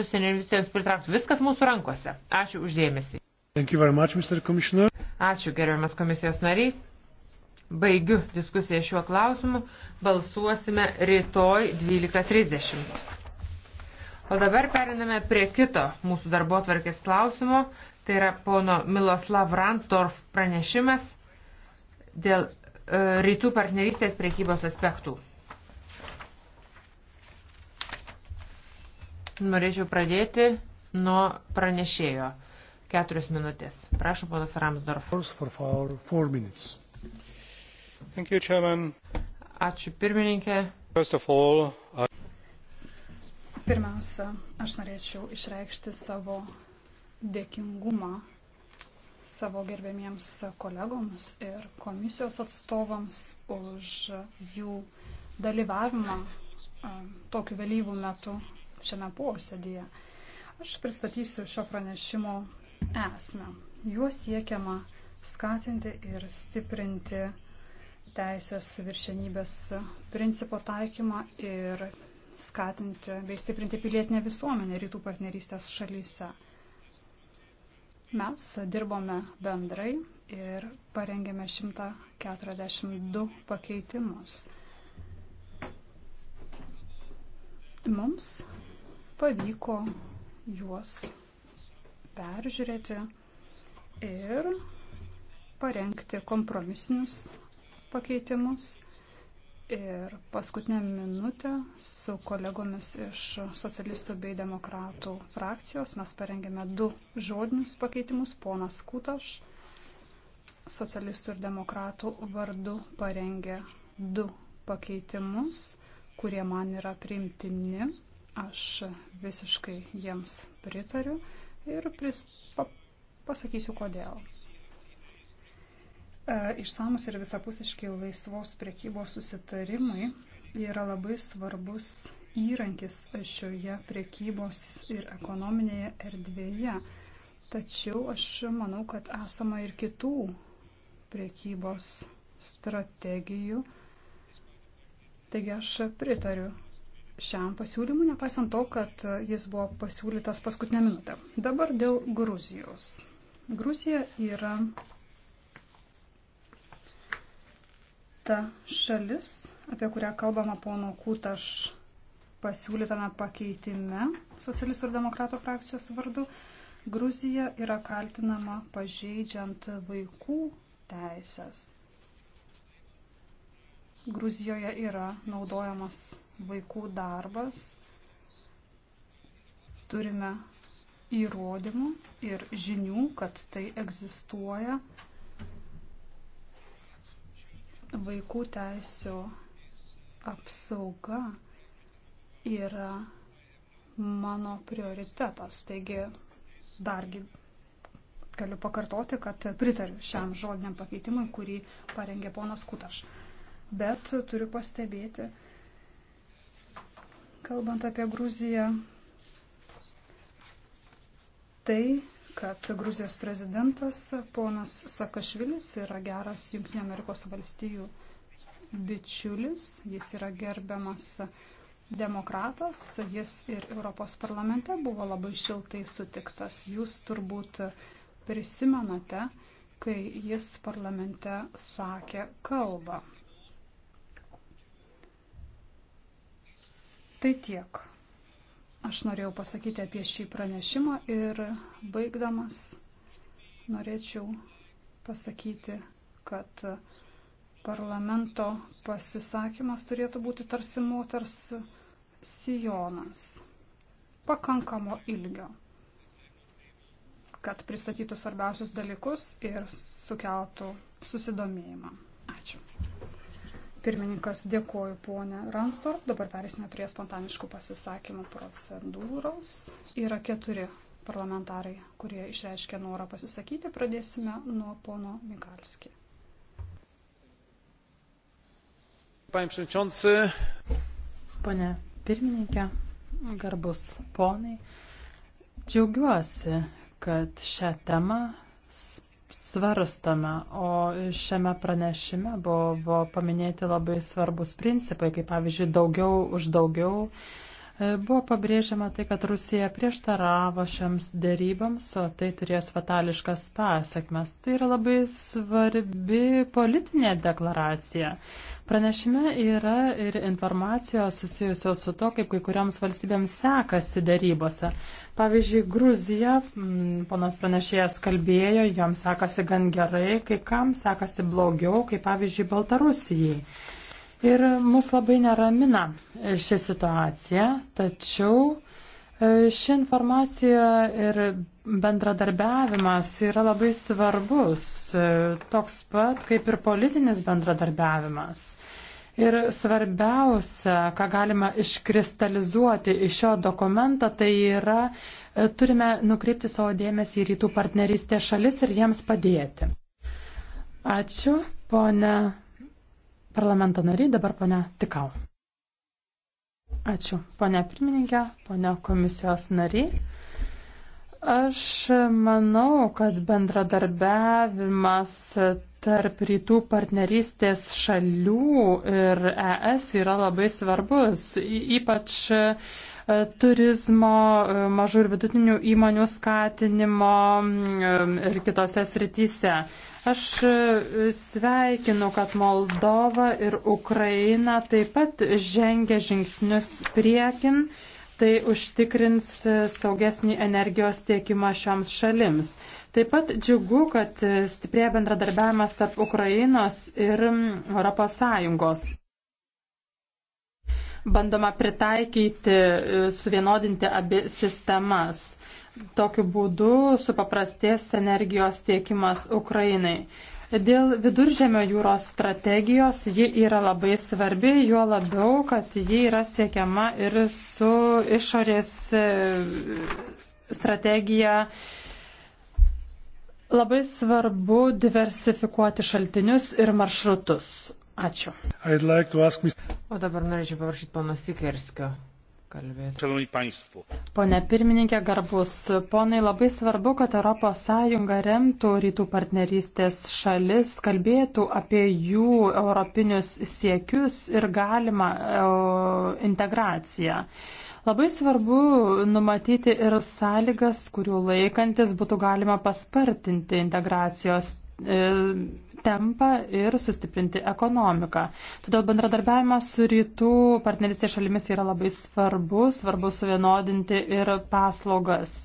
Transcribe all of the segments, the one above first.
užsienio investicijoms pritraukti. Viskas mūsų rankose. Ačiū uždėmesį. Much, Ačiū gerbiamas komisijos nariai. Baigiu diskusiją šiuo klausimu. Balsuosime rytoj 12.30. O dabar periname prie kito mūsų darbo tvarkės klausimo. Tai yra pono Miloslav Ransdorf pranešimas dėl e, rytų partnerystės priekybos aspektų. Norėčiau pradėti nuo pranešėjo. Keturios minutės. Prašau, ponas Ramsdorf. Ačiū pirmininkė. Pirmiausia, aš norėčiau išreikšti savo dėkingumą savo gerbėmiems kolegoms ir komisijos atstovams už jų dalyvavimą tokiu vėlyvų metu šiame posėdėje. Aš pristatysiu šio pranešimo esmę. Juo siekiama skatinti ir stiprinti teisės viršenybės principo taikymą ir skatinti bei stiprinti pilietinę visuomenę rytų partnerystės šalyse. Mes dirbome bendrai ir parengėme 142 pakeitimus. Mums pavyko juos peržiūrėti ir parengti kompromisinius pakeitimus. Ir paskutinę minutę su kolegomis iš socialistų bei demokratų frakcijos mes parengėme du žodinius pakeitimus. Ponas Kutaš socialistų ir demokratų vardu parengė du pakeitimus, kurie man yra primtini. Aš visiškai jiems pritariu ir pris, pa, pasakysiu kodėl. E, išsamus ir visapusiškai laisvos priekybos susitarimai yra labai svarbus įrankis šioje priekybos ir ekonominėje erdvėje. Tačiau aš manau, kad esama ir kitų priekybos strategijų. Taigi aš pritariu šiam pasiūlymui, nepaisant to, kad jis buvo pasiūlytas paskutinę minutę. Dabar dėl Gruzijos. Gruzija yra ta šalis, apie kurią kalbama pono Kūtaš pasiūlytame pakeitime socialistų ir demokratų frakcijos vardu. Gruzija yra kaltinama pažeidžiant vaikų teisės. Gruzijoje yra naudojamas vaikų darbas. Turime įrodymų ir žinių, kad tai egzistuoja. Vaikų teisų apsauga yra mano prioritetas. Taigi dargi galiu pakartoti, kad pritariu šiam žodiniam pakeitimui, kurį parengė ponas Kutaš. Bet turiu pastebėti, kalbant apie Gruziją, tai, kad Gruzijos prezidentas ponas Sakašvilis yra geras Junktinio Amerikos valstijų bičiulis, jis yra gerbiamas demokratas, jis ir Europos parlamente buvo labai šiltai sutiktas. Jūs turbūt prisimenate, kai jis parlamente sakė kalbą. Tai tiek. Aš norėjau pasakyti apie šį pranešimą ir baigdamas norėčiau pasakyti, kad parlamento pasisakymas turėtų būti tarsi moters sijonas pakankamo ilgio, kad pristatytų svarbiausius dalykus ir sukeltų susidomėjimą. Pirmininkas, dėkuoju ponė Ranstor. Dabar perėsime prie spontaniškų pasisakymų procedūros. Yra keturi parlamentarai, kurie išreiškė norą pasisakyti. Pradėsime nuo pono Mikalski. Pane pirmininkė, garbus ponai, džiaugiuosi, kad šią temą svarstome, o šiame pranešime buvo, buvo paminėti labai svarbus principai, kaip pavyzdžiui, daugiau už daugiau E, buvo pabrėžiama tai, kad Rusija prieštaravo šiams dėryboms, o tai turės fatališkas pasiekmes. Tai yra labai svarbi politinė deklaracija. Pranešime yra ir informacijos susijusios su to, kaip kai kuriams valstybėms sekasi dėrybose. Pavyzdžiui, Gruzija, ponas pranešėjas kalbėjo, joms sekasi gan gerai, kai kam sekasi blogiau, kaip pavyzdžiui, Baltarusijai. Ir mus labai neramina ši situacija, tačiau e, ši informacija ir bendradarbiavimas yra labai svarbus, e, toks pat kaip ir politinis bendradarbiavimas. Ir svarbiausia, ką galima iškristalizuoti iš šio dokumento, tai yra, e, turime nukreipti savo dėmesį į rytų partnerystės šalis ir jiems padėti. Ačiū, ponė parlamento nariai, dabar ponia Tikau. Ačiū, ponia pirmininkė, ponia komisijos nariai. Aš manau, kad bendradarbiavimas tarp rytų partnerystės šalių ir ES yra labai svarbus, ypač E, turizmo, e, mažų ir vidutinių įmonių skatinimo ir kitose srityse. Aš e, sveikinu, kad Moldova ir Ukraina taip pat žengia žingsnius priekin, tai užtikrins saugesnį energijos tiekimą šioms šalims. Taip pat džiugu, kad stiprėja bendradarbiavimas tarp Ukrainos ir ES bandoma pritaikyti, e, suvienodinti abi sistemas. Tokiu būdu supaprastės energijos tiekimas Ukrainai. Dėl viduržėmio jūros strategijos ji yra labai svarbi, juo labiau, kad ji yra siekiama ir su išorės e, strategija. Labai svarbu diversifikuoti šaltinius ir maršrutus. Ačiū. Like ask... O dabar norėčiau paprašyti pono Sikerskio kalbėti. Pone pirmininkė, garbus ponai, labai svarbu, kad ES remtų rytų partnerystės šalis, kalbėtų apie jų europinius siekius ir galimą e, integraciją. Labai svarbu numatyti ir sąlygas, kurių laikantis būtų galima paspartinti integracijos e, tempą ir sustiprinti ekonomiką. Todėl bendradarbiavimas su rytų partnerystės šalimis yra labai svarbu, svarbu suvienodinti ir paslaugas.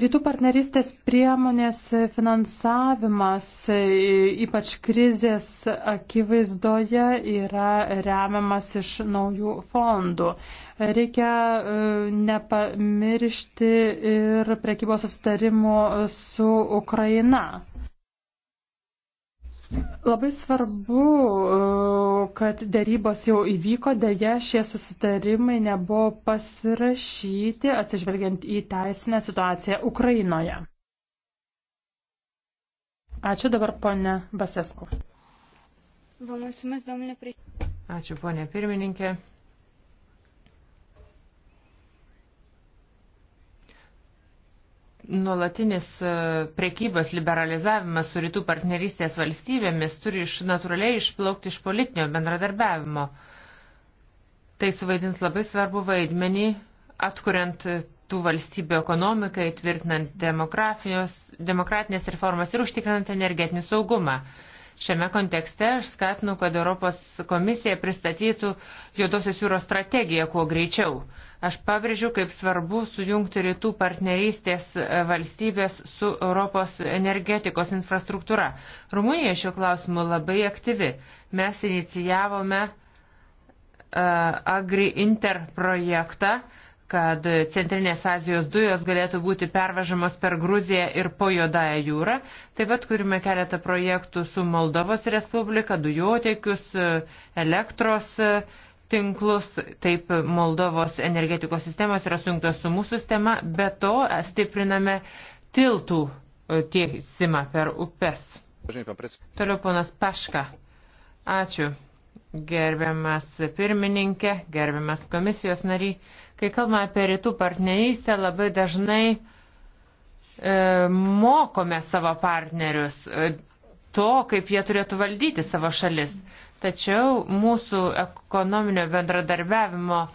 Rytų partnerystės priemonės finansavimas, e, ypač krizės akivaizdoje, yra remiamas iš naujų fondų. Reikia e, nepamiršti ir prekybos sustarimo su Ukraina. Labai svarbu, e, kad dėrybos jau įvyko, dėja šie susitarimai nebuvo pasirašyti atsižvelgiant į teisinę situaciją Ukrainoje. Ačiū dabar ponė Basesku. Ačiū ponė pirmininkė. nuolatinis e, prekybos liberalizavimas su rytų partnerystės valstybėmis turi iš natūraliai išplaukti iš politinio bendradarbiavimo. Tai suvaidins labai svarbu vaidmenį, atkuriant tų valstybių ekonomiką, įtvirtinant demokratinės reformas ir užtikrinant energetinį saugumą. Šiame kontekste aš skatinu, kad Europos komisija pristatytų Juodosios jūros strategiją kuo greičiau. Aš pabrėžiu, kaip svarbu sujungti rytų partnerystės valstybės su Europos energetikos infrastruktūra. Rumunija šiuo klausimu labai aktyvi. Mes inicijavome uh, Agri Inter projektą, uh, kad Centrinės Azijos dujos galėtų būti pervežamos per Gruziją ir po Jodąją jūrą. Taip pat turime keletą projektų su Moldovos Respublika, dujotekius, elektros tinklus, taip Moldovos energetikos sistemos yra sujungtos su mūsų sistema, be to stipriname tiltų e, tiesimą per upes. Toliau ponas Paška. Ačiū. Gerbiamas pirmininkė, gerbiamas komisijos nariai. Kai kalbame apie rytų partnerystę, labai dažnai e, mokome savo partnerius e, to, kaip jie turėtų valdyti savo šalis. Tačiau mūsų ekonominio bendradarbiavimo e,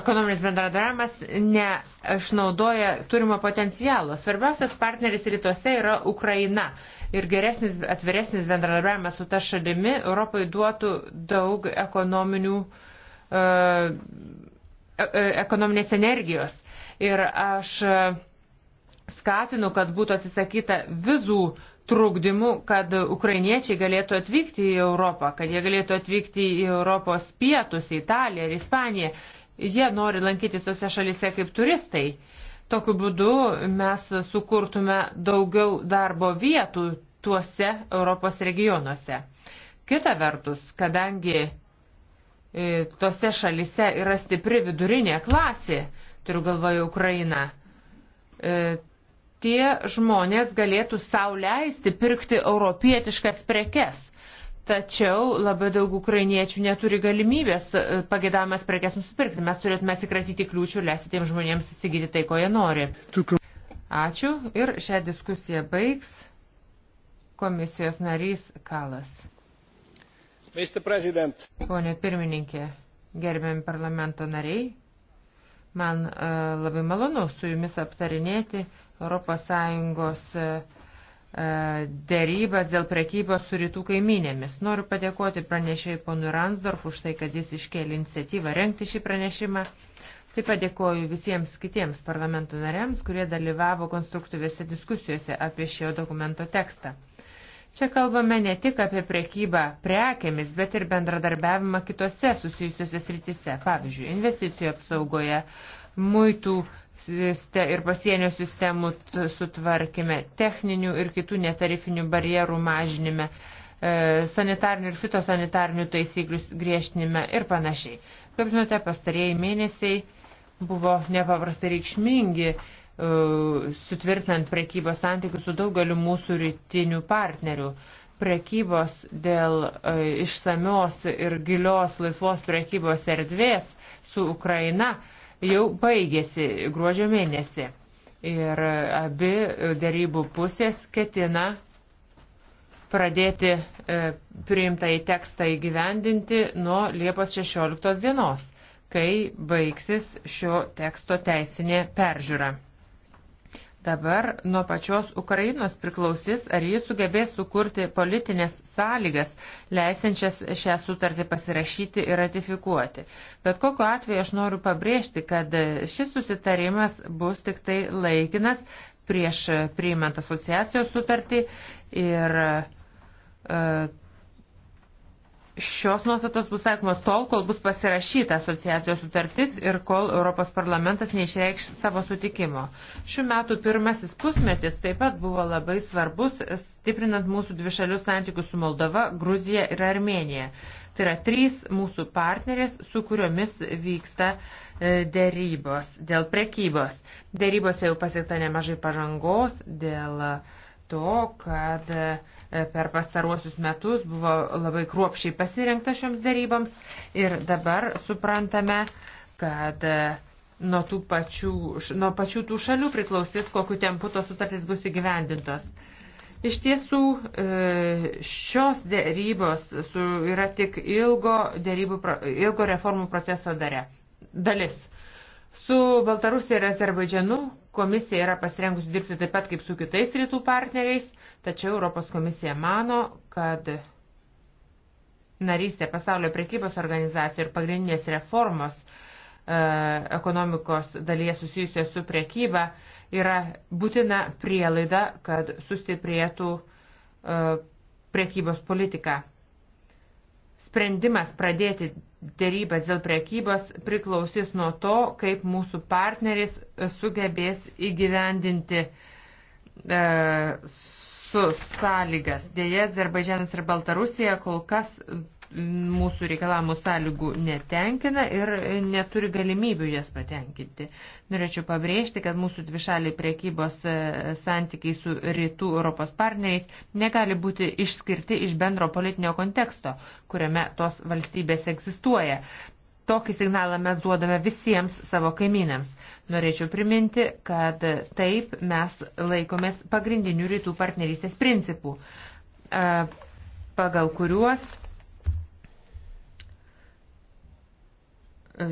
ekonominis bendradarbiavimas neišnaudoja turimo potencialo. Svarbiausias partneris rytuose yra Ukraina. Ir geresnis, atviresnis bendradarbiavimas su ta šalimi Europai duotų daug ekonominių uh, E, e, ekonominės energijos. Ir aš e, skatinu, kad būtų atsisakyta vizų trukdymų, kad ukrainiečiai galėtų atvykti į Europą, kad jie galėtų atvykti į Europos pietus, į Italiją ir Ispaniją. Jie nori lankytis tose šalise kaip turistai. Tokiu būdu mes sukurtume daugiau darbo vietų tuose Europos regionuose. Kita vertus, kadangi E, tose šalise yra stipri vidurinė klasė, turiu galvoje Ukrainą, e, tie žmonės galėtų sauliaisti pirkti europietiškas prekes. Tačiau labai daug ukrainiečių neturi galimybės e, pagėdamas prekes nusipirkti. Mes turėtume atsikratyti kliūčių, leisti tiem žmonėms įsigyti tai, ko jie nori. Ačiū ir šią diskusiją baigs komisijos narys Kalas. Pone pirmininkė, gerbiami parlamento nariai, man uh, labai malonu su jumis aptarinėti ES uh, dėrybas dėl prekybos su rytų kaiminėmis. Noriu padėkoti pranešėjai ponui Ransdorf už tai, kad jis iškėlė iniciatyvą renkti šį pranešimą. Taip pat dėkoju visiems kitiems parlamento nariams, kurie dalyvavo konstruktyvėse diskusijose apie šio dokumento tekstą. Čia kalbame ne tik apie priekybą prekėmis, bet ir bendradarbiavimą kitose susijusiuose srityse, pavyzdžiui, investicijų apsaugoje, muitų ir pasienio sistemų sutvarkime, techninių ir kitų netarifinių barjerų mažinime, e, sanitarnių ir fitosanitarnių taisyklių griežtinime ir panašiai. Kaip žinote, pastarėjai mėnesiai buvo nepaprastai reikšmingi sutvirtinant prekybos santykius su daugeliu mūsų rytinių partnerių. Prekybos dėl e, išsamios ir gilios laisvos prekybos erdvės su Ukraina jau baigėsi gruodžio mėnesį. Ir abi darybų pusės ketina pradėti e, priimtą į tekstą įgyvendinti nuo Liepos 16 dienos, kai baigsis šio teksto teisinė peržiūra. Dabar nuo pačios Ukrainos priklausys, ar jis sugebės sukurti politinės sąlygas, leisančias šią sutartį pasirašyti ir ratifikuoti. Bet kokiu atveju aš noriu pabrėžti, kad šis susitarimas bus tik tai laikinas prieš priimant asociacijos sutartį ir uh, Šios nuostatos bus taikomos tol, kol bus pasirašyta asociacijos sutartis ir kol Europos parlamentas neišreikš savo sutikimo. Šių metų pirmasis pusmetis taip pat buvo labai svarbus, stiprinant mūsų dvišalius santykius su Moldova, Gruzija ir Armenija. Tai yra trys mūsų partnerės, su kuriomis vyksta e, dėrybos dėl prekybos. Dėrybose jau pasiekta nemažai pažangos dėl uh, to, kad e, per pastaruosius metus buvo labai kruopšiai pasirinkta šioms darybams ir dabar suprantame, kad e, nuo, pačių, nuo pačių tų šalių priklausys, kokiu tempu tos sutartys bus įgyvendintos. Iš tiesų, e, šios dėrybos su, yra tik ilgo, dėrybų, ilgo reformų proceso dare, dalis. Su Baltarusija ir Azerbaidžianu Komisija yra pasirengusi dirbti taip pat kaip su kitais rytų partneriais, tačiau Europos komisija mano, kad narystė pasaulio prekybos organizacijų ir pagrindinės reformos e, ekonomikos dalyje susijusios su prekyba yra būtina prielaida, kad sustiprėtų e, prekybos politika. Sprendimas pradėti dėrybas dėl prekybos priklausys nuo to, kaip mūsų partneris sugebės įgyvendinti e, su sąlygas. Dėja, Azerbaidžianas ir Baltarusija kol kas mūsų reikalavimų sąlygų netenkina ir neturi galimybių jas patenkinti. Norėčiau pabrėžti, kad mūsų dvišaliai priekybos e, santykiai su rytų Europos partneriais negali būti išskirti iš bendro politinio konteksto, kuriame tos valstybės egzistuoja. Tokį signalą mes duodame visiems savo kaimynams. Norėčiau priminti, kad taip mes laikomės pagrindinių rytų partnerystės principų, e, pagal kuriuos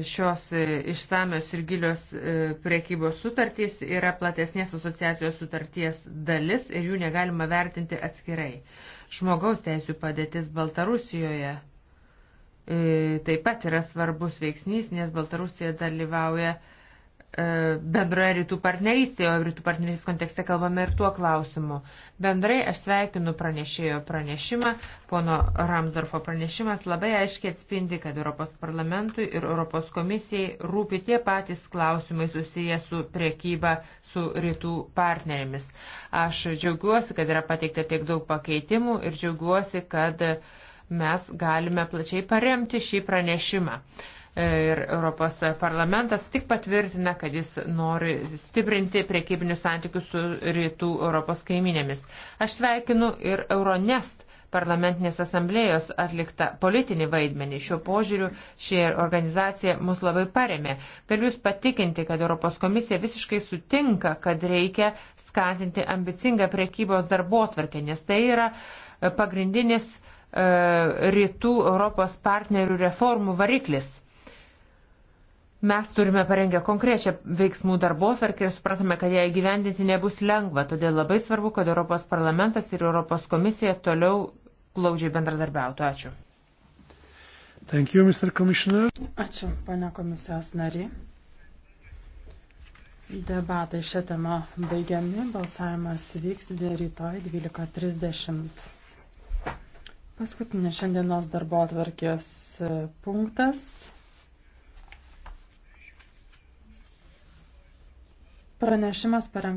šios e, išsamios ir gilios e, priekybos sutartys yra platesnės asociacijos sutarties dalis ir jų negalima vertinti atskirai. Žmogaus teisų padėtis Baltarusijoje e, taip pat yra svarbus veiksnys, nes Baltarusija dalyvauja bendroje rytų partnerystėje, o rytų partnerystės kontekste kalbame ir tuo klausimu. Bendrai aš sveikinu pranešėjo pranešimą, pono Ramzorfo pranešimas labai aiškiai atspindi, kad Europos parlamentui ir Europos komisijai rūpi tie patys klausimai susiję su priekyba su rytų partnerėmis. Aš džiaugiuosi, kad yra pateikta tiek daug pakeitimų ir džiaugiuosi, kad mes galime plačiai paremti šį pranešimą. Uh, ir Europos parlamentas tik patvirtina, kad jis nori stiprinti priekybinius santykius su rytų Europos kaiminėmis. Aš sveikinu ir Euronest parlamentinės asamblėjos atliktą politinį vaidmenį. Šiuo požiūriu ši organizacija mus labai paremė. Galiu Jūs patikinti, kad Europos komisija visiškai sutinka, kad reikia skatinti ambicingą priekybos darbo atvarkę, nes tai yra e, pagrindinis e, rytų Europos partnerių reformų variklis Mes turime parengę konkrečią veiksmų darbosvarkę ir supratome, kad ją įgyvendinti nebus lengva, todėl labai svarbu, kad Europos parlamentas ir Europos komisija toliau glaudžiai bendradarbiautų. Ačiū. Thank you, Mr. Commissioner. Ačiū, pane komisijos nari. Debatai šią temą baigiami, balsavimas vyks rytoj 12.30. Paskutinis šiandienos darbo atvarkės e, punktas. Pranešimas parengtas.